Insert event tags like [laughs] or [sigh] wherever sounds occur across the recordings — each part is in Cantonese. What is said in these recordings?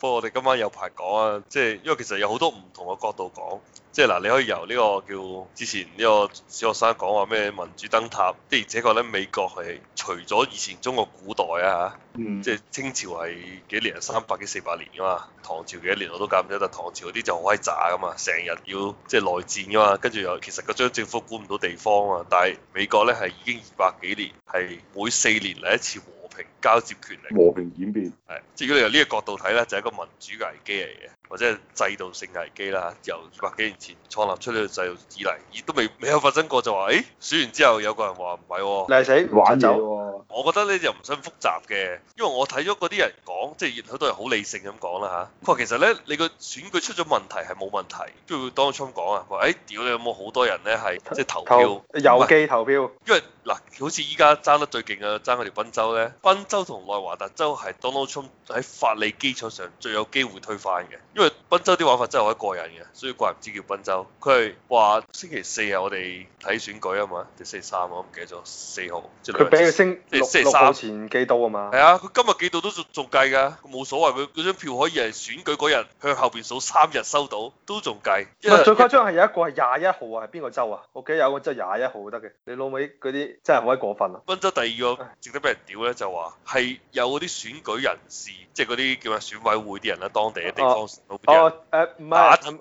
不過我哋今晚有排講啊，即係因為其實有好多唔同嘅角度講，即係嗱你可以由呢個叫之前呢個小學生講話咩民主燈塔，即係而且確咧美國係除咗以前中國古代啊嚇，即係清朝係幾年啊三百幾四百年㗎嘛，唐朝幾年我都搞唔出，但唐朝嗰啲就好威渣㗎嘛，成日要即係內戰㗎嘛，跟住又其實個中央政府管唔到地方啊嘛，但係美國咧係已經二百幾年，係每四年嚟一次。平交接權嚟和平演變係，即係如果你由呢個角度睇咧，就係、是、一個民主嘅危機嚟嘅，或者係制度性危機啦。由百幾年前創立出呢個制度以嚟，亦都未未有發生過，就話誒、欸、選完之後有個人話唔係，你係使玩走就？我覺得咧就唔想複雜嘅，因為我睇咗嗰啲人講，即係好多人都係好理性咁講啦嚇。佢話其實咧，你個選舉出咗問題係冇問題。都要 Donald Trump 講啊，佢話誒屌你有冇好多人咧係即係投票郵寄投票，郵寄投票因為。嗱，好似依家爭得最勁啊，爭嗰條賓州咧，賓州同內華達州係 Donald Trump 喺法理基礎上最有機會推翻嘅，因為。賓州啲玩法真係好鬼過癮嘅，所以怪唔知叫賓州。佢係話星期四日我哋睇選舉嘛啊嘛，定星期三我唔記得咗，四號他他即係兩。佢俾佢星，星期三，前幾度啊嘛。係啊，佢今日幾度都仲計㗎，冇所謂。佢佢張票可以係選舉嗰日向後邊數三日收到都因為，都仲計。唔係最誇張係有一個係廿一號啊，係邊個州啊？我記得，有個州廿一號得嘅，你老味嗰啲真係好鬼過分啊！賓州第二個值得俾人屌咧，就話係有嗰啲選舉人士，即係嗰啲叫咩選委會啲人啦、啊，當地嘅地方、啊。啊誒唔係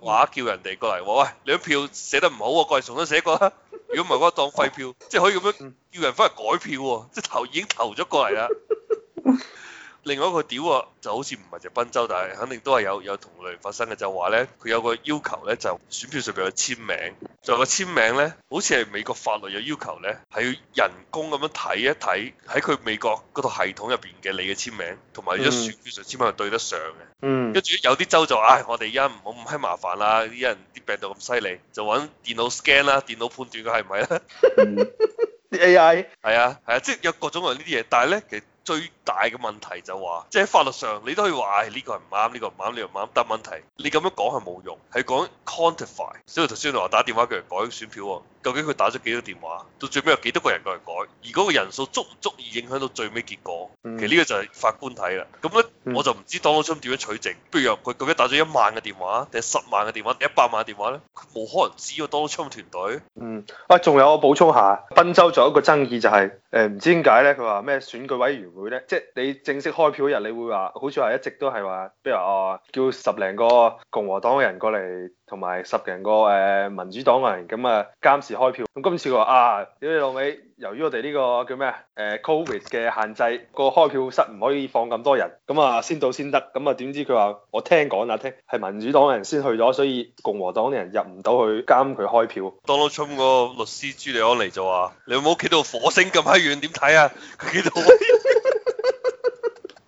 話叫人哋過嚟，喂，你啲票寫得唔好，過嚟重新寫過啦。如果唔係，嗰當廢票， [laughs] 即係可以咁樣叫人翻去改票。即係投已經投咗過嚟啦。 [laughs] 另外一個屌啊，就好似唔係就賓州，但係肯定都係有有同類發生嘅，就話咧，佢有個要求咧，就選票上面有簽名。就有個簽名咧，好似係美國法律有要求咧，係要人工咁樣睇一睇，喺佢美國嗰套系統入邊嘅你嘅簽名，同埋一掃決絕簽名係對得上嘅。嗯，跟住有啲州就唉、哎，我哋而家唔好咁閪麻煩啦，啲人啲病毒咁犀利，就揾電腦 scan 啦，電腦判斷佢係唔係啦。嗯，啲 AI 係啊係啊，啊，啊，即係有各種類呢啲嘢，但係咧其實。最大嘅問題就話，即係法律上你都可以話：唉、哎、呢、這個係唔啱，呢、這個唔啱，呢、這個唔啱。得問題你咁樣講，係冇用，係講 quantify。所以頭先同我打電話叫佢嚟改選票、哦。究竟佢打咗幾多電話？到最尾有幾多個人過嚟改？而嗰個人數足唔足以影響到最尾結果？其實呢個就係法官睇啦。咁咧，我就唔知 Donald Trump 點樣取證。譬、嗯、如話佢究竟打咗一萬個電話，定係十萬個電話，定一百萬個電話咧？冇可能只要 Donald Trump 團隊。嗯，啊，仲有我補充下，賓州仲有一個爭議就係、是，誒、呃、唔知點解咧？佢話咩選舉委員會咧？即、就、係、是、你正式開票日，你會話好似話一直都係話，譬如話、哦、叫十零個共和黨嘅人過嚟。同埋十幾人個誒、呃、民主黨嘅人，咁啊監視開票。咁今次佢話啊，屌你老味，由於我哋呢個叫咩誒、呃、Covid 嘅限制，個開票室唔可以放咁多人，咁啊先到先得。咁啊點知佢話我聽講啦、啊，聽係民主黨嘅人先去咗，所以共和黨嘅人入唔到去監佢開票。Donald Trump 個律師朱利安嚟就話，你有冇企到火星咁閪遠，點睇啊？佢企到。 [laughs]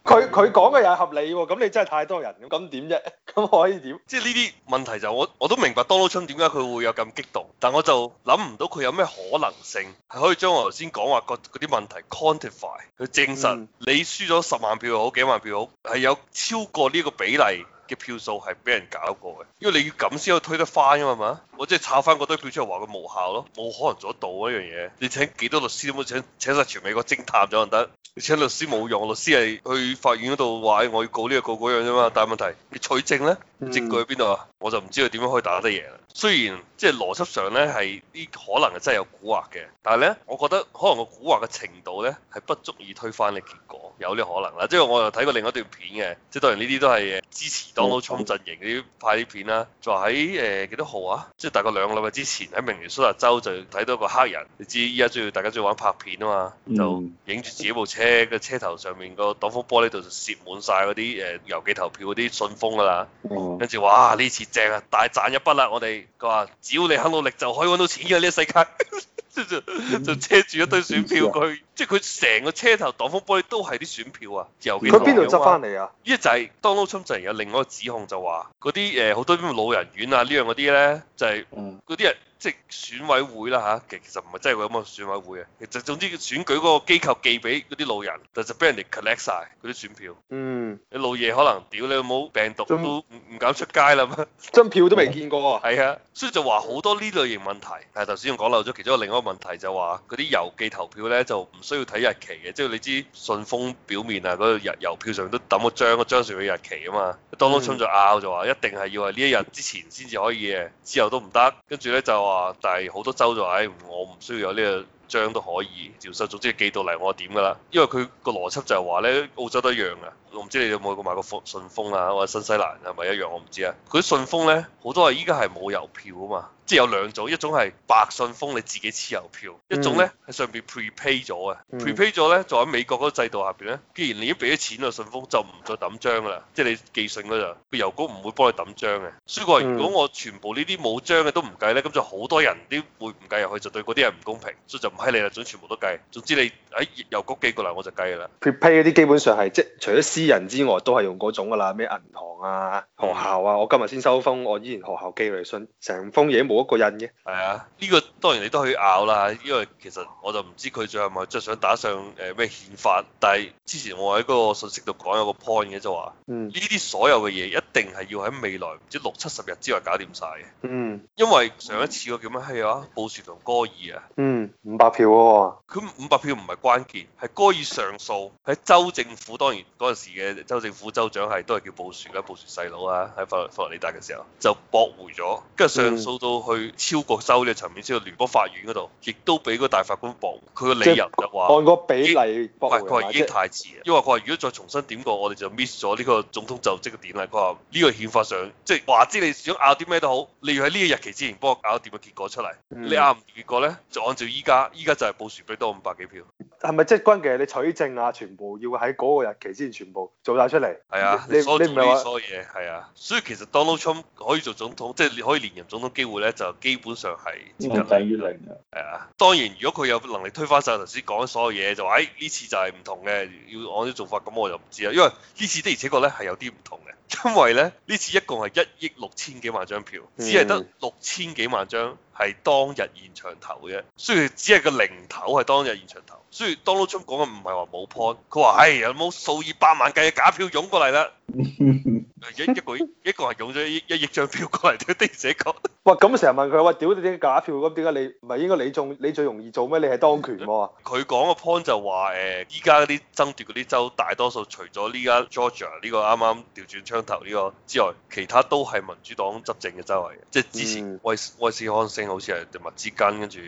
佢佢講嘅又係合理喎，咁你真係太多人咁，咁點啫？咁可以點？即係呢啲問題就我我都明白 Donald Trump 點解佢會有咁激動，但我就諗唔到佢有咩可能性係可以將我頭先講話嗰啲問題 quantify，去證實你輸咗十萬票又好幾萬票又好係有超過呢個比例。嘅票數係俾人搞過嘅，因為你要咁先可以推得翻啊嘛，我即係炒翻嗰堆票出嚟話佢無效咯，冇可能做得到呢樣嘢。你請幾多律師都冇？請請晒全美國偵探咗仲得？你請律師冇用，律師係去法院嗰度話，我要告呢個告嗰樣啫嘛。但係問題你取證咧，證據喺邊度啊？我就唔知道點樣可以打得贏。雖然即係邏輯上咧係啲可能係真係有蠱惑嘅，但係咧，我覺得可能個蠱惑嘅程度咧係不足以推翻你結果。有呢可能啦，即係我又睇過另一段片嘅，即係當然呢啲都係支持 Donald Trump 陣營嗰啲拍啲片啦。就喺誒幾多號啊？即係大概兩個禮拜之前喺明尼蘇達州就睇到個黑人，你知依家仲要大家仲要玩拍片啊嘛，就影住自己部車嘅車頭上面個擋風玻璃度就攝滿曬嗰啲誒郵寄投票嗰啲信封㗎啦。跟住哇，呢次正啊，大賺一筆啦！我哋佢話只要你肯努力就可以揾到錢嘅呢個世界。 [laughs] [laughs] 就車住一堆選票過去，佢、啊、即係佢成個車頭擋風玻璃都係啲選票啊！佢邊度執翻嚟啊？一、啊、就係 Donald Trump，就係有另外一個指控就，就話嗰啲誒好多啲老人院啊，樣呢樣嗰啲咧就係嗰啲人。即係選委會啦嚇，其其實唔係真係會咁樣選委會嘅，其實總之選舉嗰個機構寄俾嗰啲老人，就就俾人哋 collect 晒嗰啲選票。嗯，你老爺可能屌你冇病毒都唔唔敢出街啦嘛，張票都未見過。係、嗯、啊，所以就話好多呢類型問題。係頭先我講漏咗其中一個另外一個問題就話嗰啲郵寄投票咧就唔需要睇日期嘅，即係你知信封表面啊嗰、嗰個日郵票上都抌咗章，個章上面日期啊嘛，嗯、當當春就拗就話一定係要係呢一日之前先至可以嘅，之後都唔得。跟住咧就。話，但係好多州就話，誒、哎，我唔需要有呢個章都可以照收，總之寄到嚟我點噶啦。因為佢個邏輯就係話，咧，澳洲都一樣。啊。我唔知你有冇買過封信封啊，或者新西蘭係咪一樣？我唔知啊。佢信封咧好多係依家係冇郵票啊嘛，即係有兩種，一種係白信封，你自己黐郵票；一種咧喺上邊 prepay 咗啊。prepay 咗咧就喺美國嗰個制度下邊咧，既然你已經俾咗錢啊，信封就唔再抌章啦，即係你寄信嗰陣，個郵局唔會幫你抌章嘅。所以話如果我全部呢啲冇章嘅都唔計咧，咁就好多人啲會唔計入去，就對嗰啲人唔公平，所以就唔理你啦，總之全部都計。總之你喺郵局寄過嚟我就計㗎啦。prepay 嗰啲基本上係即係除咗私私人之外都係用嗰種㗎啦，咩銀行啊、學校啊，我今日先收封，我以前學校寄嚟信，成封嘢冇一個印嘅。係啊，呢、呢個當然你都可以拗啦，因為其實我就唔知佢最後咪再想打上誒咩憲法，但係之前我喺嗰個信息度講有個 point 嘅，就話呢啲所有嘅嘢一定係要喺未來唔知六七十日之內搞掂晒。嘅。嗯。因為上一次我叫咩係啊，布殊同戈爾啊。嗯。五百票嗰、哦、個。佢五百票唔係關鍵，係戈爾上訴，喺州政府當然嗰陣嘅州政府州長係都係叫布殊啦，布殊細佬啊，喺佛佛羅里達嘅時候就駁回咗，跟住上訴到去超過州嘅個層面，先到聯邦法院嗰度，亦都俾個大法官駁回。佢個理由就話按個比例駁回。唔係佢話已經太遲，即因為佢話如果再重新點過，我哋就 miss 咗呢個總統就職嘅典禮。佢話呢個憲法上，即係話知你想拗啲咩都好，你要喺呢個日期之前幫我搞掂個結果出嚟。嗯、你拗唔結果咧，就按照依家，依家就係布殊俾多五百幾票。係咪即係關鍵係你取證啊？全部要喺嗰個日期之前全部。做晒出嚟，係啊，你說你唔係嘢係啊，所以其實 Donald Trump 可以做總統，即係你可以連任總統機會咧，就基本上係接近於零啊。係、嗯嗯嗯、啊，當然如果佢有能力推翻曬頭先講所有嘢，就話誒呢次就係唔同嘅，要按啲做法，咁我就唔知啦。因為呢次的而且確咧係有啲唔同嘅。因為咧，呢次一共係一億六千幾萬張票，只係得六千幾萬張係當日現場投嘅啫，雖然只係個零頭，係當日現場投，雖然 Donald Trump 講嘅唔係話冇 point，佢話：hey,「唉有冇數以百萬計嘅假票湧過嚟啦。 [laughs] 一一個一個人用咗一億張票過嚟對釘死佢。咁成日問佢話：屌你啲假票，咁點解你唔係應該你中你最容易做咩？你係當權喎。佢講個 point 就話：誒，依家嗰啲爭奪嗰啲州，大多數除咗呢家 Georgia 呢個啱啱調轉槍頭呢個之外，其他都係民主黨執政嘅州嚟嘅，即係之前。嗯。Wisconsin 好似係密芝根，跟住誒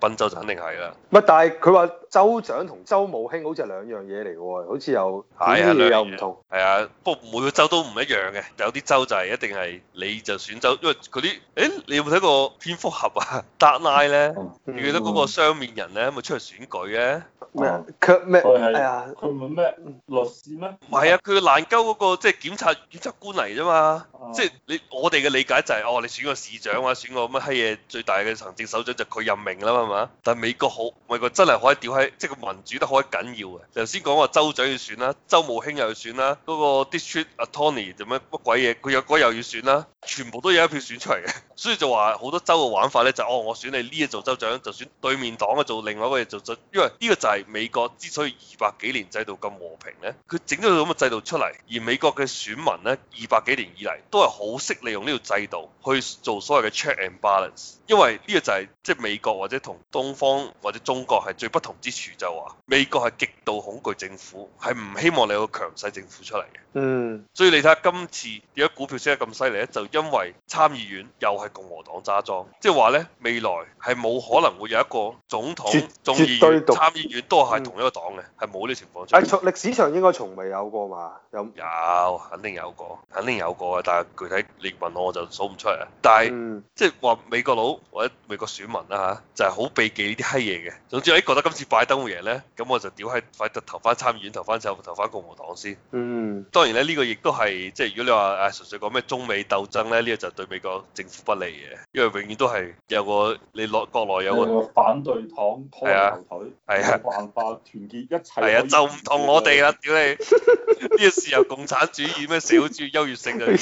賓州就肯定係啦。唔但係佢話州長同州務卿好似係兩樣嘢嚟喎，好似有係啊，有唔同。係啊，不過每個州都唔一樣。嘅有啲州就係一定係你就選州，因為嗰啲誒，你有冇睇過蝙蝠俠啊？達拉咧，你 [laughs] 記得嗰個雙面人咧，咪出去選舉嘅咩？佢咩？啊，啊，佢唔係咩律師咩？唔係啊，佢爛鳩嗰個即係檢察檢察官嚟啫嘛，啊、即係你我哋嘅理解就係、是、哦，你選個市長啊，選個乜咩閪嘢，最大嘅行政首長就佢任命啦嘛，係嘛？但係美國好，美國真係可以屌喺，即係個民主都可以緊要嘅。頭先講話州長要選啦，州務卿又要選啦，嗰、那個 District Attorney, Attorney 乜鬼嘢？佢有又要選啦、啊，全部都有一票選出嚟嘅，所以就話好多州嘅玩法呢、就是，就哦，我選你呢一做州長，就選對面黨嘅做另外一個嘢，做。選，因為呢個就係美國之所以二百幾年制度咁和平呢，佢整咗個咁嘅制度出嚟，而美國嘅選民呢，二百幾年以嚟都係好識利用呢個制度去做所謂嘅 check and balance，因為呢個就係即係美國或者同東方或者中國係最不同之處，就話美國係極度恐懼政府，係唔希望你有個強勢政府出嚟嘅，嗯，所以你睇下今。今次點解股票升得咁犀利咧，就因為參議院又係共和黨揸莊，即係話咧，未來係冇可能會有一個總統眾議院參議院都係同一個黨嘅，係冇呢情況出現。誒，歷史上應該從未有過嘛？有肯定有過，肯定有過嘅，但係具體你問我，我就數唔出嚟。但係即係話美國佬或者美國選民啦嚇、啊，就係好避忌呢啲閪嘢嘅。總之我覺得今次拜登會贏咧，咁我就屌喺快啲投翻參議院，投翻左，投翻共和黨先。嗯，當然咧呢個亦都係即係。就是如果你話誒純粹講咩中美鬥爭咧，呢個就對美國政府不利嘅，因為永遠都係有個你落國內有個反對黨係啊，係啊，橫化團結一齊係啊，就唔同我哋啦，屌你呢個事由共產主義咩？社會主義優越性嘅，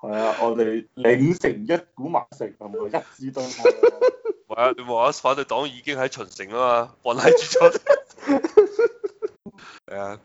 係啊，我哋凝成一股墨誠，一支獨秀。係啊，你話反對黨已經喺秦城啊嘛，混喺住央。係啊。